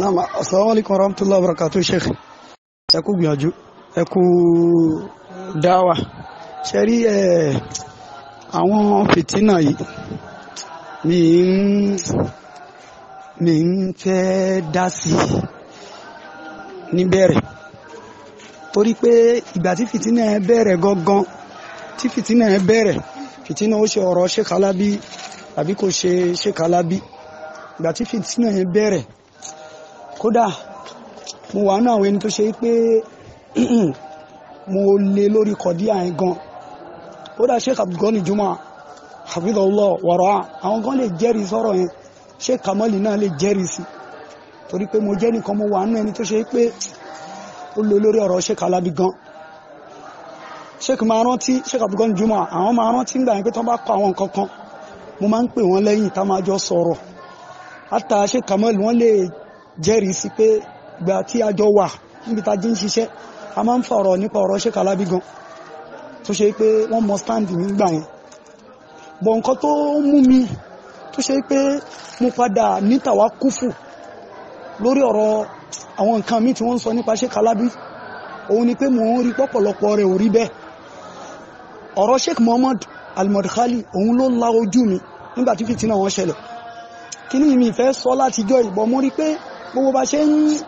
naam asalaamu alaykum warahmatullahi wabarakatu sheikh ẹ kú gbìyànjú ẹ kú dáwà ṣe rí ẹ àwọn fìtínà yìí mi ń mi ń fẹ́ dá sí i níbẹ̀rẹ̀ torí pé ìgbà tí fìtínà ẹ bẹ̀rẹ̀ gangan tí fìtínà ẹ bẹ̀rẹ̀ fìtínà ó ṣe ọ̀rọ̀ Sheikh Alabi àbí kò ṣe Sheikh Alabi ìgbà tí fìtínà ẹ bẹ̀rẹ̀ kódà mo wà nínú àwọn ẹni tó ṣe pé mo lè lórí kọ̀dí àyìn gan kódà Sheikh Abdulgani Juma hafidhullah wàrà àwọn kan lè jẹ́rìí sọ̀rọ̀ yẹn Sheikh Kamali náà lè jẹ́rìí sí torí pé mo jẹ́ nìkan mo wà nínú ẹni tó ṣe pé ó lè lórí ọ̀rọ̀ Sheikh Alabi gan Sheikh máa rántí Sheikh Abdulgani Juma àwọn máa rántí ńgbà yẹn pé tó bá kọ àwọn nǹkan kan mo máa ń pè wọ́n lẹ́yìn tá máa jọ sọ̀rọ̀ àtà Sheikh wọ́n lè jẹ́rìí sí pé ìgbà tí a jọ wà níbi tá a jí ń ṣiṣẹ́ a máa ń fa ọ̀rọ̀ nípa ọ̀rọ̀ ṣe Alábí gan tó ṣe pé wọ́n mọ stand mi yẹn bọ̀ nǹkan tó mú mi tó ṣe pé mo padà nítàwá kúfù lórí ọ̀rọ̀ àwọn nǹkan míì tí wọ́n ń sọ nípa Sheikh Alábí òun ni pé mò ń rí pọ̀pọ̀lọpọ̀ rẹ̀ ò rí bẹ́ẹ̀ ọ̀rọ̀ Sheikh Muhammad Al-Madkhali òun ló la ojú mi nígbà tí fìtínà wọn ṣẹlẹ̀ kí ni mi fẹ́ sọ látijọ́ ìbọn mo rí pé gbogbo bá ṣe ń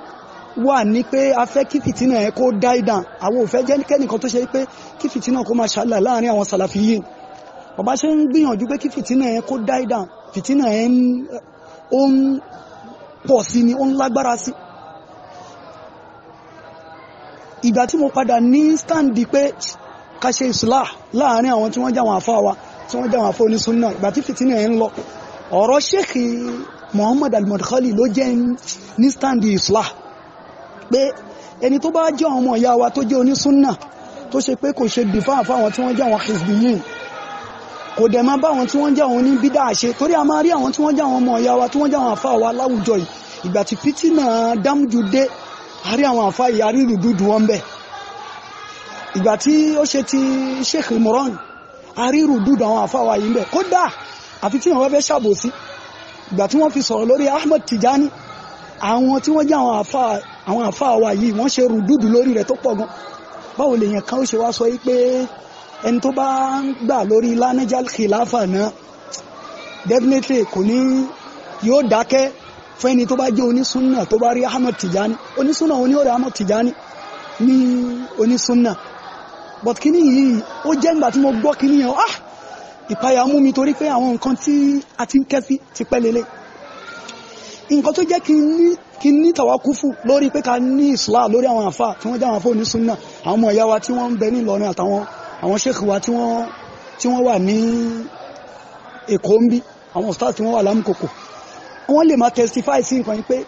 wà ní pé a fẹ́ kí fìtínà ẹ̀ kó dá ìdàn àwọn ò fẹ́ jẹ́ kẹ́nìkan tó ṣe pé kí fìtínà kó máa ṣàlà láàrin àwọn sàlàfí yìí bàbá ṣe ń gbìyànjú pé kí fìtínà ẹ̀ kó dá ìdàn fìtínà ẹ̀ ó ń pọ̀ sí ni ó ń lágbára sí ìgbà tí mo padà ní stand pé ká ṣe islah láàrin àwọn tí wọ́n jáwọn àfáà wa tí wọ́n jáwọn àfáà onísùnnà ìgbà tí fìtínà ẹ̀ ń lọ ọ̀rọ̀ ṣèkì Muhammad al-Madkhali ló jẹ́ ní standi islah pé ẹni tó bá jẹ́ ọmọ ìyá wa tó jẹ́ onísúnnà tó ṣe pé kò ṣe dìfáà fáwọn tí wọ́n jẹ́ àwọn hizbiyin kò dẹ̀ máa bá àwọn tí wọ́n jẹ́ àwọn oníbídà ṣe torí a máa rí àwọn tí wọ́n jẹ́ àwọn ọmọ ìyá wa tí wọ́n jẹ́ àwọn àfa wa láwùjọ yìí ìgbà tí fìtínà dámjú dé a rí àwọn àfa yìí a rí wọn bẹ́ẹ̀ ìgbà tí ó ṣe ti Sheikh Imran a rí rùdúdú àwọn àfa wa yìí bẹ́ẹ̀ kódà àfi tí wọn fẹ́ ṣàbòsí ìgbà tí wọ́n fi sọ̀rọ̀ lórí Ahmed Tijani àwọn tí wọ́n jẹ́ àwọn àfa àwọn àfa wa yìí wọ́n ṣe rùdúdù lórí rẹ̀ tó pọ̀ gan báwo lèèyàn kan ó ṣe wá sọ yìí pé ẹni tó bá ń gbà lórí lanajal khilafa náà definitely kò ní yóò dákẹ́ fún ẹni tó bá jẹ́ onísúnà tó bá rí Ahmed Tijani onísúnà oní ọ̀rẹ́ Ahmed Tijani ní onísúnà but kíní yìí ó jẹ́ ńgbà tí mo gbọ́ kíní yẹn ah ìpayà mú mi torí pé àwọn nǹkan tí a ti ń kẹ́ sí ti pẹ́ lélẹ̀ nǹkan tó jẹ́ kí n ní kí n ní tàwákúfù lórí pé ká ní islam lórí àwọn àfa tí wọ́n jẹ́ àwọn afọ àwọn ọmọ ìyá wa tí wọ́n ń bẹ nílọrin àtàwọn àwọn sheikh wa tí wọ́n wà ní èkó ń bí àwọn stars tí wọ́n wà lámùkòkò wọ́n lè máa testify sí nǹkan pé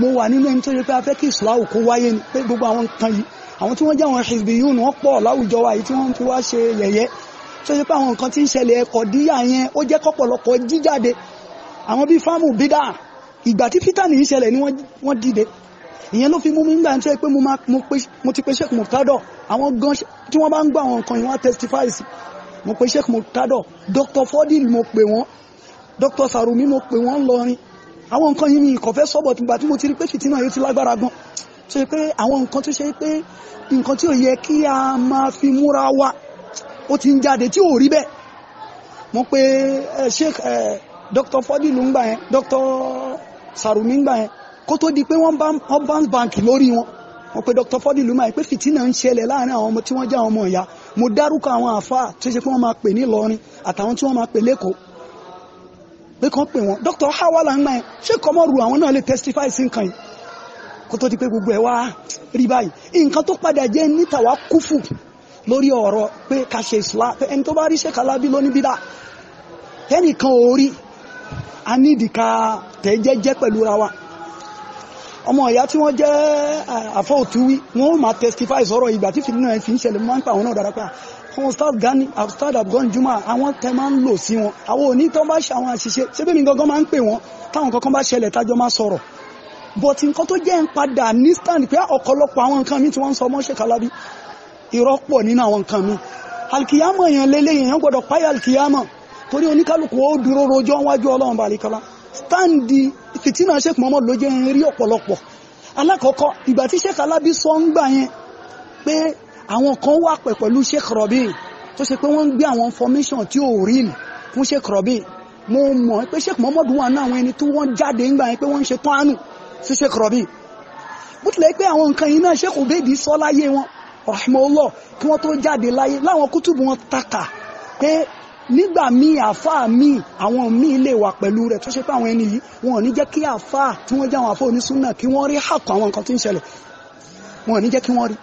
mo wà nínú ẹni tó yẹ pé a fẹ́ kí islam kó wáyé ni pé gbogbo àwọn nǹkan yìí àwọn tí wọ́n jẹ́ àwọn hizbiyun wọ́n pọ̀ láwùjọ wa yìí tí wọ́n fi wá ṣe yẹ̀yẹ́ tó yẹ pé àwọn nǹkan tí ń ṣẹlẹ̀ ẹ̀kọ́ díyà yẹn ó jẹ́ kọ́pọ̀lọpọ̀ jíjáde àwọn bíi fáàmù bídà ìgbà tí fítàní ń ṣẹlẹ̀ ni wọ́n dìde ìyẹn ló fi mú mi ń gbà ń tẹ́ pé mo ti pe Sheikh Muktador àwọn gan tí wọ́n bá ń gbọ́ àwọn nǹkan yìí wọ́n testify sí mo pe Sheikh Muktador Dr. Fodil mo pe wọ́n Dr. Sarumi mo pe wọ́n lọrin àwọn nǹkan yìí mi ìkọ̀fẹ́ sọ́bọ̀ tìgbà tí mo ti rí pé fìtínà yóò ti lágbára gan tó yẹ pé àwọn nǹkan tó ṣe pé nǹkan tí ò yẹ kí a máa fi múra wa ó ti ń jáde tí ò rí bẹ́ẹ̀ mo pe Sheikh Dr. Fodilu ń gbà yẹn Dr. Sarumi ń gbà yẹn kó tó di pé wọ́n bá ń báǹkì lórí wọn mo pe Dr. Fodilu máa pé fìtínà ń ṣẹlẹ̀ láàrin àwọn ọmọ tí wọ́n jẹ́ àwọn ọmọ ìyá mo dárúkọ àwọn àáfàá tó ṣe pé wọ́n máa pè ní Ìlọrin àtàwọn tí wọ́n máa pè lẹ́kọ̀ọ́ pé kàn pè wọ́n Dr. Hawala ń gbà yẹn ṣé kọ́mọ́ ru àwọn náà lè testify sí nǹkan yìí kó tó di pé gbogbo ẹ̀ wá rí báyìí nǹkan tó padà jẹ́ níta wá kúfù lórí ọ̀rọ̀ pé ká ṣe islam pé ẹni tó bá rí Sheikh Alabi lóní bídà ẹnìkan ò rí a nídìí ká tẹ̀ jẹ́jẹ́ pẹ̀lú ra wa ọmọ ìyá tí wọ́n jẹ́ eh, àfọ́òtúwí wọ́n ó máa testify sọ̀rọ̀ ìgbà tí fìdí náà fi ń ṣẹlẹ̀ máa ń pa àwọn náà dára pé àwọn staff gani staff abgon juma àwọn tẹ máa ń lò sí wọn àwọn òní tó bá ṣe àwọn àṣìṣe ṣébí mi gangan máa ń pè wọ́n táwọn kankan bá ṣẹlẹ̀ tájọ́ máa sọ̀rọ̀ but nǹkan tó jẹ́ ń padà ní stand pé ọ̀pọ̀lọpọ̀ àwọn nǹkan mi tí wọ́n ń sọ ọmọ ṣèkálábí irọ́ pọ̀ nínú àwọn nǹkan mi alikiyama yẹn lélẹ́yìn yẹn gbọ́dọ̀ páyà alikiyama torí oníkálukú ó dúró rojọ́ wájú ọlọ́run balikala stáǹdì fìtínà sheikh mohammed ló jẹ́ rí ọ̀pọ̀lọpọ̀ alákọ̀ọ́kọ́ ìgbà tí sheikh alábí sọ ń gbà yẹn pé àwọn kan wà pẹ̀ pẹ̀lú sheikh rọ̀bì tó ṣe pé wọ́n ń gbé àwọn information tí ò rí fún sheikh rọ̀bì mo mọ̀ pé sheikh mohammed wà náà àwọn rahmanullah kí wọ́n tó jáde láyé láwọn kútùbù wọn takà pé nígbà míì àfáà míì àwọn míì lè wà pẹ̀lú rẹ̀ tó ṣe pé àwọn ẹni yìí wọn ò ní jẹ́ kí àfáà tí wọ́n jẹ́ àwọn àfáà onísúnà kí wọ́n rí àkọ́ àwọn nǹkan tí ń ṣẹlẹ̀ wọn ò ní jẹ́ kí wọ́n rí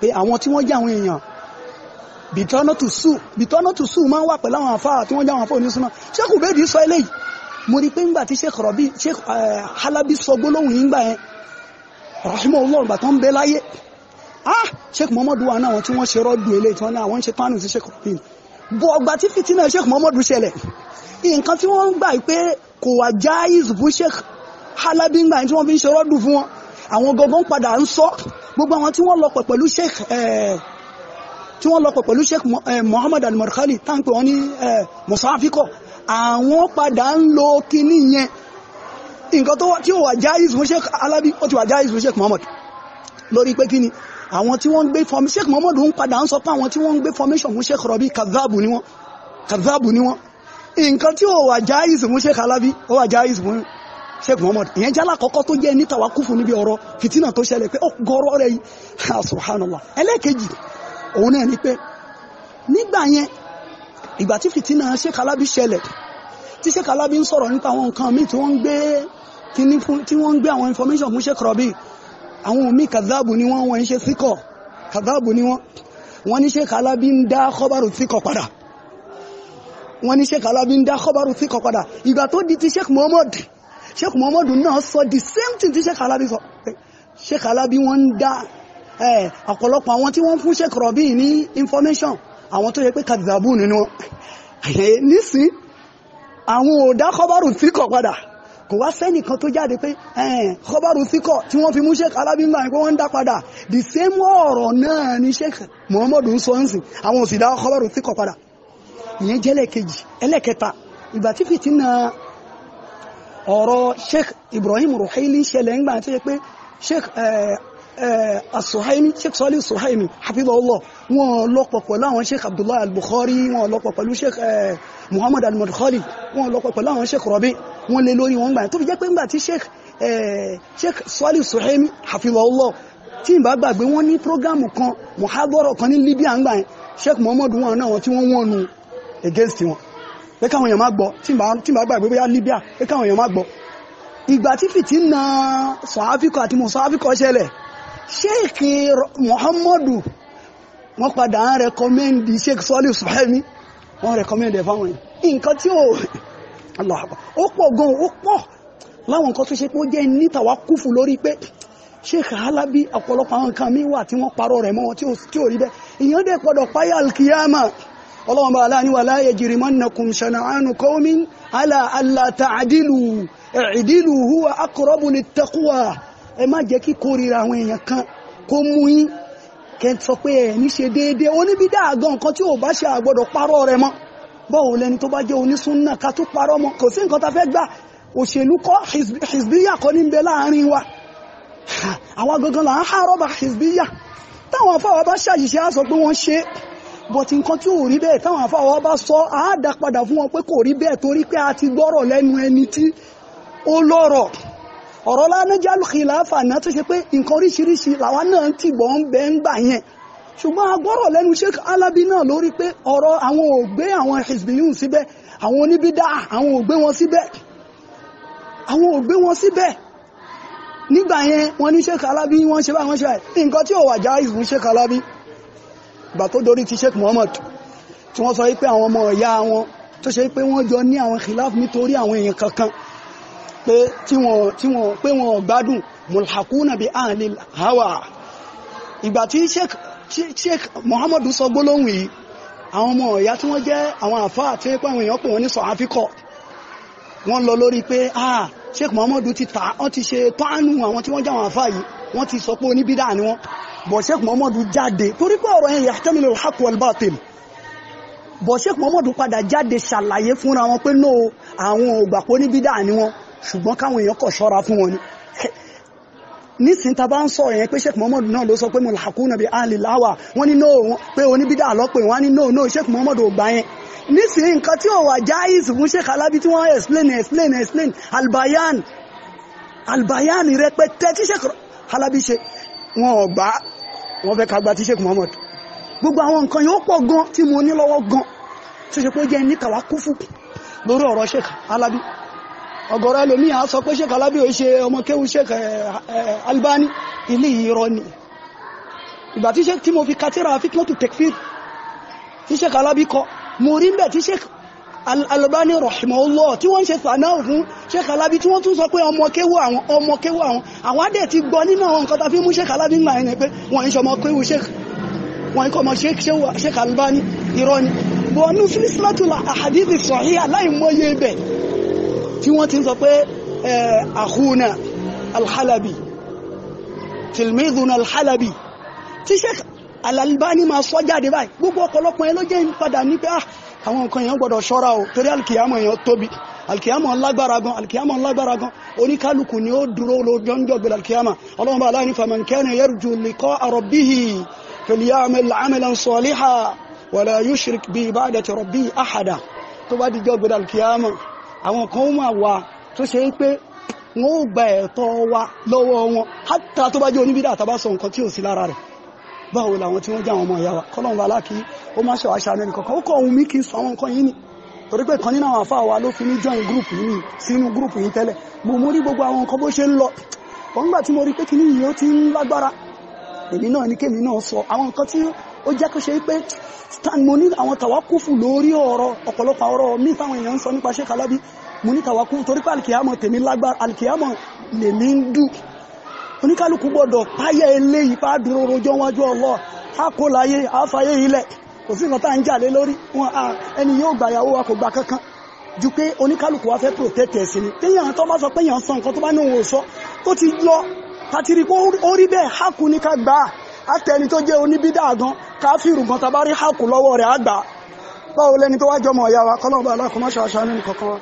pé àwọn tí wọ́n jẹ́ àwọn èèyàn bìtọ́nọ́tùsù máa ń wà pẹ̀lú àwọn àfáà tí wọ́n jẹ́ àwọn àfáà onísúnà ṣékù bẹ́ẹ̀dì sọ eléyìí mo rí pé ńgbà tí sheikh eh, halabi sọ gbólóhùn yìí ńgbà yẹn rahimahullah gbà ah sheikh muhammadu wa náà wọn tí wọ́n ṣe rọ́dù eléyìí tí wọ́n ní àwọn ń ṣe pánù sí sheikh rọ́bìn bọ̀ ọgbà tí fìtínà sheikh muhammadu ṣẹlẹ̀ nǹkan tí wọ́n ń gbà pé kò wá jáìz fún sheikh halabi ńgbà tí wọ́n fi ń ṣe rọ́dù fún wọn àwọn gangan padà ń sọ gbogbo àwọn tí wọ́n lọ pẹ̀ pẹ̀lú sheikh eh, tí wọ́n lọ pẹ̀ pẹ̀lú sheikh muhammad eh, al-markhali táǹpẹ̀ wọn ní eh, musafikọ àwọn padà ń lo kinní yẹn nǹkan tí ó wà jáìz fún sheikh halabi ó ti wà jáìz fún sheikh muhammad lórí pé kíni àwọn tí wọ́n ń gbé formation sheikh muhammad ń padà ń sọ pé àwọn tí wọ́n ń gbé formation mú sheikh rọ̀bì kazabu ni wọ́n kazabu ni wọ́n nǹkan tí ò wà jáìsì mú sheikh alábí ó wà jáìsì mú sheikh muhammad ìyẹn jálá kọ́kọ́ tó jẹ́ níta wa kúfù níbi ọ̀rọ̀ fìtínà tó ṣẹlẹ̀ pé ọgọ́rọ́ rẹ̀ yìí subhanallah ẹlẹ́ẹ̀kejì òun náà ni pé nígbà yẹn ìgbà tí fìtínà sheikh alábí ṣẹlẹ̀ tí sheikh alábí ń sọ̀rọ̀ nípa àwọn nǹkan míì tí wọ́n ń gbé tí wọ́n ń gbé àwọn information fún sheikh rọ̀bì àwọn omi kazabu ni wọ́n wọ́n ń ṣe síkọ̀ kazabu ni wọ́n wọ́n ní Sheikh Alabi ń dá kọ́bárù síkọ̀ padà wọ́n ní Sheikh Alabi ń dá kọ́bárù síkọ̀ padà ìgbà tó di ti Sheikh Muhammad Sheikh Muhammad náà sọ the same thing ti Sheikh Alabi sọ Sheikh Alabi wọ́n ń dá ọ̀pọ̀lọpọ̀ àwọn tí wọ́n fún Sheikh Rabi ní information àwọn tó yẹ pé kazabu nínú wọn nísìn àwọn ò dá kọ́bárù síkọ̀ padà kò wá sẹ́nìkan tó jáde pé kọ́bárù síkọ̀ tí wọ́n fi mú sheikh alábímbà yẹn pé wọ́n ń dá padà the same ọ̀rọ̀ náà ni sheikh muhammadu ń sọ ń sìn àwọn òsì dá kọ́bárù síkọ̀ padà ìyẹn jẹ́ ẹlẹ́ẹ̀kejì ẹlẹ́ẹ̀kẹta ìgbà tí fìtínà ọ̀rọ̀ sheikh ibrahim ruhaili ṣẹlẹ̀ ńgbà tó yẹ pé sheikh asuhaimi sheikh sọ́lí suhaimi hafidhahullah wọn lọ́pọ̀ pẹ̀lú àwọn sheikh abdullahi al-bukhari wọn lọ́pọ̀ pẹ̀lú sheikh muhammad alimadu khalid wọ́n lọ́pọ̀ pẹ̀lú àwọn sheikh rọ̀bí wọ́n lé lórí wọn gbà tó fi jẹ́ pé ńgbà tí sheikh eh, swali suhaimi hafizahullah tí ìbá gbàgbé wọ́n ní prógámù kan muhaboro kan ní libya ń gbà yẹn sheikh muhammad wọn náà wọn tí wọ́n wọ́n nu against wọn pé káwọn èèyàn má gbọ́ tí ìbá gbàgbé bóyá libya pé káwọn èèyàn má gbọ́ ìgbà tí fìtínà sọ̀háfíkọ̀ àti mùsọ̀háfíkọ̀ ṣẹlẹ̀ sheikh muhammadu wọ́n padà ń rẹkọmẹ́ndì sheikh swali suhaimi wọ́n recommend ẹ̀ fáwọn yẹn nǹkan tí ó ó pọ̀ gan ó pọ̀ láwọn nǹkan tó ṣe pé ó jẹ́ nítawá kúfù lórí pé Sheikh Halabi ọ̀pọ̀lọpọ̀ àwọn nǹkan míì wà tí wọ́n parọ́ rẹ̀ mọ́ wọn tí ò rí bẹ́ẹ̀ ìyẹn dẹ̀ gbọ́dọ̀ páyà alkiyama ọlọ́wọ́n bá aláàánú wà láyé jìrì mọ́nàkùn ṣanàánú kọ́mí alá aláta kẹ́ sọ pé ẹ̀mí ṣe déédéé oníbídà gan nǹkan tí ò bá ṣe àgbọ̀dọ̀ parọ́ rẹ̀ mọ́ bọ́ọ̀ lẹni tó bá jẹ́ onísúnnà ká tó parọ́ mọ́ kò sí nǹkan tá fẹ́ gbà òṣèlú kọ́ hizbíyà kọ́ ní bẹ láàrin wa àwọn gangan là ń hárọ́bà hizbíyà táwọn afáwọ́ bá ṣàṣìṣe á sọ pé wọ́n ṣe bọ̀tí nǹkan tí ò rí bẹ́ẹ̀ táwọn afáwọ́ bá sọ á dá padà fún wọn pé kò rí bẹ́ẹ̀ torí pé a ti gbọ́rọ̀ lẹ́nu ẹni tí ó lọ́rọ̀ ọ̀rọ̀ lánàjà kìláfà náà tó ṣe pé nǹkan oríṣiríṣi làwa náà ń tìgbọ̀ ń bẹ́ ń gbà yẹn ṣùgbọ́n agbọ́rọ̀ lẹ́nu Sheikh Alabi náà lórí pé ọ̀rọ̀ àwọn ò gbé àwọn hizbiyun síbẹ̀ àwọn oníbídà àwọn ò gbé wọn síbẹ̀ àwọn ò gbé wọn síbẹ̀ nígbà yẹn wọ́n ní Sheikh Alabi wọ́n ṣe báwọn ṣe nǹkan tí ò wà já ìfún Sheikh Alabi ìgbà tó dorí ti Sheikh Muhammad tí wọ́n sọ pé àwọn ọmọ ìyá wọn tó ṣe pé wọ́n jọ ní àwọn khilaf nítorí àwọn èèyàn kankan pé tí wọ́n tí wọ́n pé wọ́n gbádùn mulhakuna bi ahlil hawa ìgbà tí sheikh sheikh sọ gbólóhùn yìí àwọn ọmọ ọ̀yá tí wọ́n jẹ́ àwọn àfáà tí wọ́n àwọn èèyàn pè wọ́n ní sọ̀háfíkọ̀ wọ́n lọ lórí pé ah sheikh muhammadu ti ta wọ́n ti ṣe páánù àwọn tí wọ́n jẹ́ àwọn àfáà yìí wọ́n ti sọ pé oníbídà ni wọ́n bọ̀ sheikh muhammadu jáde torí pé ọ̀rọ̀ yẹn yahtamilu al-haqq wal bọ̀ sheikh muhammadu padà jáde ṣàlàyé fúnra wọn pé no àwọn ògbàpọ̀ oníbídà ni wọ́n ṣùgbọ́n káwọn èèyàn kọ̀ ṣọ́ra fún wọn ni nísìn ta bá ń sọ yẹn pé Sheikh Muhammad náà ló sọ pé mo làkú nàbí aliláwà wọn ní nóò pé oníbídà lọ́pẹ̀ wọn ní nóò nóò Sheikh Muhammad ò gbà yẹn nísìn nǹkan tí ò wà jáìs fún Sheikh Alábí tí wọ́n explain explain explain albayan albayan rẹpẹtẹ tí Sheikh Alábí ṣe wọn ò gbà wọn fẹ́ ká gba tí Sheikh Muhammad gbogbo àwọn nǹkan yóò pọ̀ gan tí mo ní lọ́wọ́ gan tó ṣe pé jẹ́ ní kàwá kúfù lórí ọ̀rọ̀ Sheikh Alábí ọ̀gọ̀rọ̀ ẹlòmíì á sọ pé Sheikh Alábí ò ṣe ọmọ kéwu Sheikh eh, eh, Albani ilé ìrọ ni ìgbà tí Sheikh tí mo fi katira fitnatu tekfir tí Sheikh Alábí kọ mo rí mbẹ̀ tí Sheikh Albani rahimahullah tí wọ́n ń ṣe sànáà fún Sheikh Alábí tí wọ́n tún sọ pé ọmọ kéwu àwọn ọmọ kéwu àwọn àwọn adẹ̀ ti gbọ́ nínú àwọn nǹkan tàbí mú Sheikh Alábí ńlá ẹni pé wọ́n ń ṣe ọmọ kéwu wọ́n ń kọ́ ọmọ Sheikh Albani ìrọ ni bọ̀ọ̀nù fílísìlátùlà àhàdìsì sọ̀hí aláìmọye ibẹ̀ tí wọ́n ti ń sọ pé àhúnà alhalabi tilmidhuna alhalabi tí sheikh alalbani máa sọ jáde báyìí gbogbo ọ̀pọ̀lọpọ̀ yẹn ló jẹ́ ń padà ní pé ah, àwọn nǹkan yẹn gbọ́dọ̀ ṣọ́ra o torí alkiyamọ̀ yẹn tóbi alkiyamọ̀ ńlágbára gan alkiyamọ̀ ńlágbára gan oníkálukú ni ó dúró lójọ́ ń jọ̀gbẹ̀ alkiyama ọlọ́run bá aláìní faman kana yarju liqa'a rabbihi falya'mal 'amalan salihan wala yushrik bi ibadati rabbihi ahada tó bá dijọ́ gbẹ̀dẹ̀ alkiyama àwọn kan ó máa wà tó ṣe ń pé wọn ó gba ẹ̀tọ́ wa lọ́wọ́ wọn hátà tó bá jẹ́ oníbídà tá a bá sọ nǹkan tí ò sí lára rẹ̀ báwo làwọn tí wọ́n jẹ́ àwọn ọmọ ìyá wa kọ́lọ́n wa láàkí ó má ṣọ̀wá ṣàánú ẹnì kọ̀ọ̀kan ó kọ́ ohun mi kì í sọ àwọn nǹkan yìí ni torí pé kan nínú àwọn àfáà wa ló fi ní join group yìí sínú group yìí tẹ́lẹ̀ mo mo rí gbogbo àwọn nǹkan bó ṣe ń lọ òun gbà tí mo rí pé kinní yìí ó ti ń lágbára èmi náà ní kémi náà sọ àwọn nǹkan tí ó jẹ́ kó ṣe pé mo ní àwọn tàwákùfù lórí ọ̀rọ̀ ọ̀pọ̀lọpọ̀ ọ̀rọ̀ mi táwọn èèyàn ń sọ nípa Sheikh Alabi mo ní tàwákùfù torí pé àlìkìyàmọ̀ tèmi lágbára àlìkìyàmọ̀ lèmi ń dùn oníkálukú gbọ́dọ̀ páyà eléyìí bá dúró rojọ́ wájú ọlọ́ àkóláyé àfàyè ilẹ̀ kò sí nǹkan tá à ń jàlé lórí wọn à ẹni yóò gbà yàwó wa kò gbà kankan ju pé oníkálukú wa fẹ́ protect ẹ̀sìn ni téèyàn tó bá sọ pé èèyàn sọ nǹkan tó bá ní òun ò sọ tó ti lọ tàtírí kó ó rí bẹ́ẹ̀ hákù ní ká gbà á àtẹni tó jẹ́ oníbídà gan káfíìrù gan tabárí hàkù lọ́wọ́ rẹ̀ àgbà báwo lẹni tó wá jọmọ ìyá wa kọ́lọ́ọ̀bá alákọ̀ọ́mọṣọ́ aṣáánú nìkankan wa.